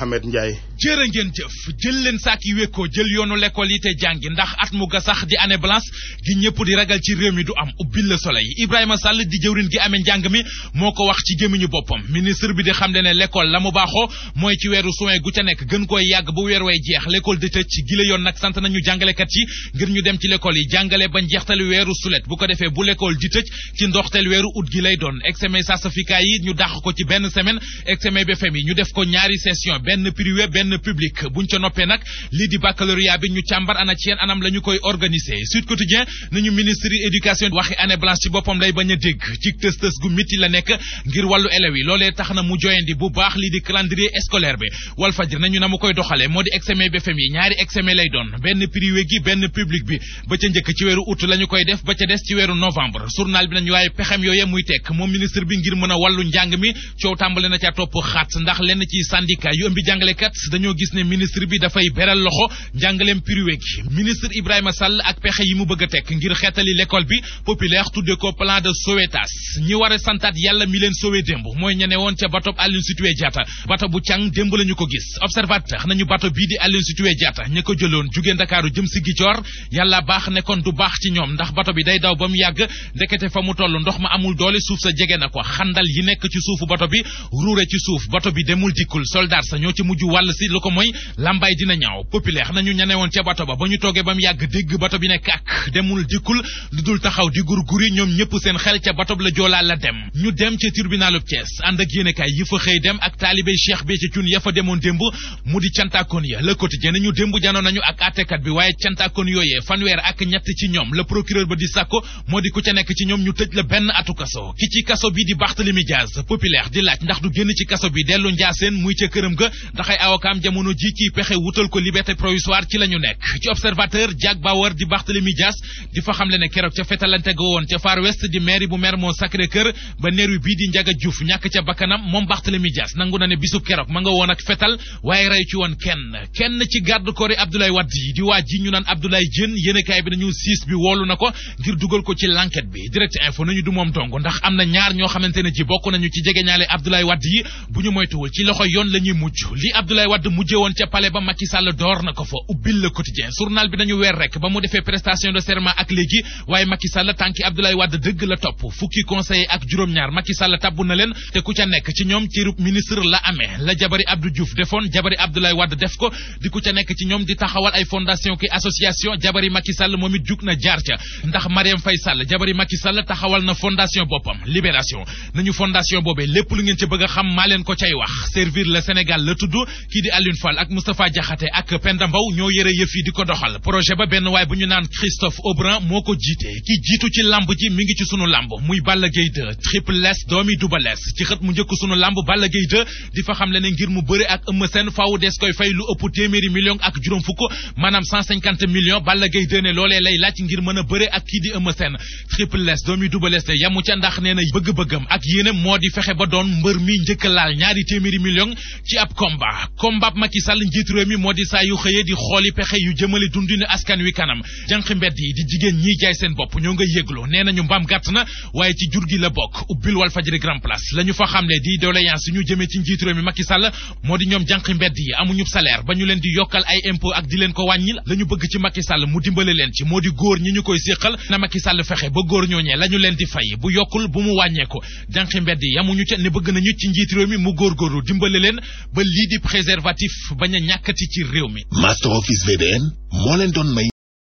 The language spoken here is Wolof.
Mouhamed Ndiaye jërë ngeen jëf jël leen sàkk yi wekkoo jël yoonu lekkool yi te jàngi ndax at mu ga sax di année blanche gi ñëpp di ragal ci réew mi du am ubbil la soleil Ibrahima Sall di jëwrin gi amee njàng mi moo ko wax ci gémmiñu boppam ministre bi di xam le ne lekkool la mu baaxoo mooy ci weeru suwe gu ca nekk gën koo yàgg bu weer way jeex lekkool di tëj ci yoon nag sant nañu jàngalekat yi ngir ñu dem ci l'école yi jàngale ba njeextal weeru sulet bu ko defee bu l'école di tëj ci ndoxteel weeru ut gi lay doon examen certificat yi ñu dàq ko ci benn semaine examen BFEM yi ñu def ko ñaari session benn privé benn domaine public buñ ca noppee nag lii di baccalauréat bi ñu càmbar ana ci yeen anam la koy organiser Sud Quotidien nañu ministre éducation waxi année blanche ci boppam lay bañ a dégg ci tës tës gu mitti la nekk ngir wàllu élèves yi loolee tax na mu joyandi bu baax lii di calendrier scolaire bi Walf Fadjri nañu na mu koy doxalee moo di examen BFEM yi ñaari examen lay doon benn privé gi benn public bi ba ca njëkk ci weeru août la koy def ba ca des ci weeru novembre journal bi nañu waaye pexem yooye muy tekk moom ministre bi ngir mën a wàllu njàng mi coow dañoo gis ne ministre bi dafay beral loxo njàngaleem privé gi ministre Ibrahima Sall ak pexe yi mu bëgg a teg ngir xeetali l'école bi populaire tudde ko plan de Sowétas ñi war a santaat yàlla mi leen sowe démb mooy ñene woon ca bato Aline Sitoé Diatta bato bu càng démb la ko gis observateur nañu bato bii di Aline Sitoé Diatta ña ko jëloon jugee Ndakaaru jëm si Gicoor yàlla baax ne kon du baax ci ñoom ndax bato bi day daw ba mu yàgg ndekete fa mu toll ndox ma amul doole suuf sa jege na ko xandal yi nekk ci suufu bato bi ci suuf bato bi demul dikkul soldat lu ko mooy lambaay dina ñaaw populaire nañu ñane woon ca bato ba ba ñu toogee ba mu yàgg dégg bato bi ne kàkk demul dikkul lu dul taxaw di gurguri ñoom ñëpp seen xel ca bato la joolaa la dem ñu dem ca tribunalub Thiès ànd ak yéenekaay yi fa xëy dem ak taalibe Cheikh Béthio Thioune ya fa demoon démb mu di cantaakon ya Le Quotidien ñu démb janoo nañu ak àttekat bi waaye cantaakon yooyee fanweer ak ñett ci ñoom la procureur ba di sàkko moo di ku ca nekk ci ñoom ñu tëj la benn atu kaso ki ci bi di Barthélémy Diaz populaire di laaj ndax du génn ci kaso bi dellu Ndiassane muy ca këram ga ndax ay awokaam maanaam jamono ji ci pexe wutal ko liberté provisoire ci la ñu nekk ci observateur Jack Bauer di Barthélémy Dias di fa xamle ne keroog ca fetalante ga woon ca Far West di mairie bu Mermoz Sacré-Cœur ba neru bii di Ndiaga Diouf ñàkk ca bakkanam moom Barthélémy Dias nangu na ne bisub keroog ma nga woon ak fetal waaye rey ci woon kenn kenn ci garde corps yi Abdoulaye yi di waa ji ñu naan Abdoulaye Diène yéenekaay bi nañu siis bi woolu na ko ngir dugal ko ci na ñaar ñoo xamante ne ci bokk nañu ci mujje woon ca palais ba Macky Sall door na ko fa ubbil le quotidien journal bi nañu weer rek ba mu defee prestation de serment ak léegi waaye Macky Sall tànki Abdoulaye Wade dëgg la topp fukki conseiller ak juróom-ñaar Macky Sall tabbu na leen te ku ca nekk ci ñoom ci rub ministre la amee la jabari Abdou Diouf defoon jabari Abdoulaye Wade def ko di ku ca nekk ci ñoom di taxawal ay fondation ki association jabari makki Sall moom it jug na jaar ca ndax Marième Faye Sall jabari Macky Sall taxawal na fondation boppam libération nañu fondation boobee lépp lu ngeen ci bëgg xam maa leen ko cay wax servir le Sénégal di Alioune Fall ak Moustapha Diakhaté ak Penda Mbow ñoo yëre yëf yi di ko doxal projet ba benn waay bu ñu naan Christophe Aubran moo ko jiite ki jiitu ci lamb ji mi ngi ci sunu lamb muy Balla Gaye 2 Triple Less doomi Double Less ci xët mu njëkk sunu lamb Balla Gaye 2 di fa xam le ne ngir mu bëre ak Eumeu Sène faaw des koy fay lu ëpp téeméeri million ak juróom fukk maanaam 150 millions Balla Gaye 2 ne loolee lay laaj ngir mën a bëre ak kii di Eumeu Sène Triple Less doomi Double Less yamu ca ndax nee na bëgg-bëggam ak yéenam moo di fexe ba doon mbër mi njëkk laal ñaari téeméeri million combat Macky Sall njiitu réew mi moo di saa yu xëyee di xooli pexe yu jëmale dundinu askan wi kanam jànq mbedd yi di jigéen ñiy jaay seen bopp ñoo nga yëgloo nee nañu mbaam gàtt na waaye ci jur gi la bokk ubbil wal fajri grand place la ñu fa xamle di doléance yi ñu jëmee ci njiitu réew mi Macky moo di ñoom jànq mbedd yi amuñu salaire ba ñu leen di yokkal ay impôt ak di leen ko wàññil la ñu bëgg ci Macky Sall mu dimbale leen ci moo di góor ñi ñu koy séqal na ba góor ñooñee la ñu leen di fay bu mu wàññeeku jànq mbedd yi amuñu ca ne bëgg nañu mu góorgóorlu dimbale di préserver participatif bañ a ñàkkati ci réew mi master office VDN moo leen doon may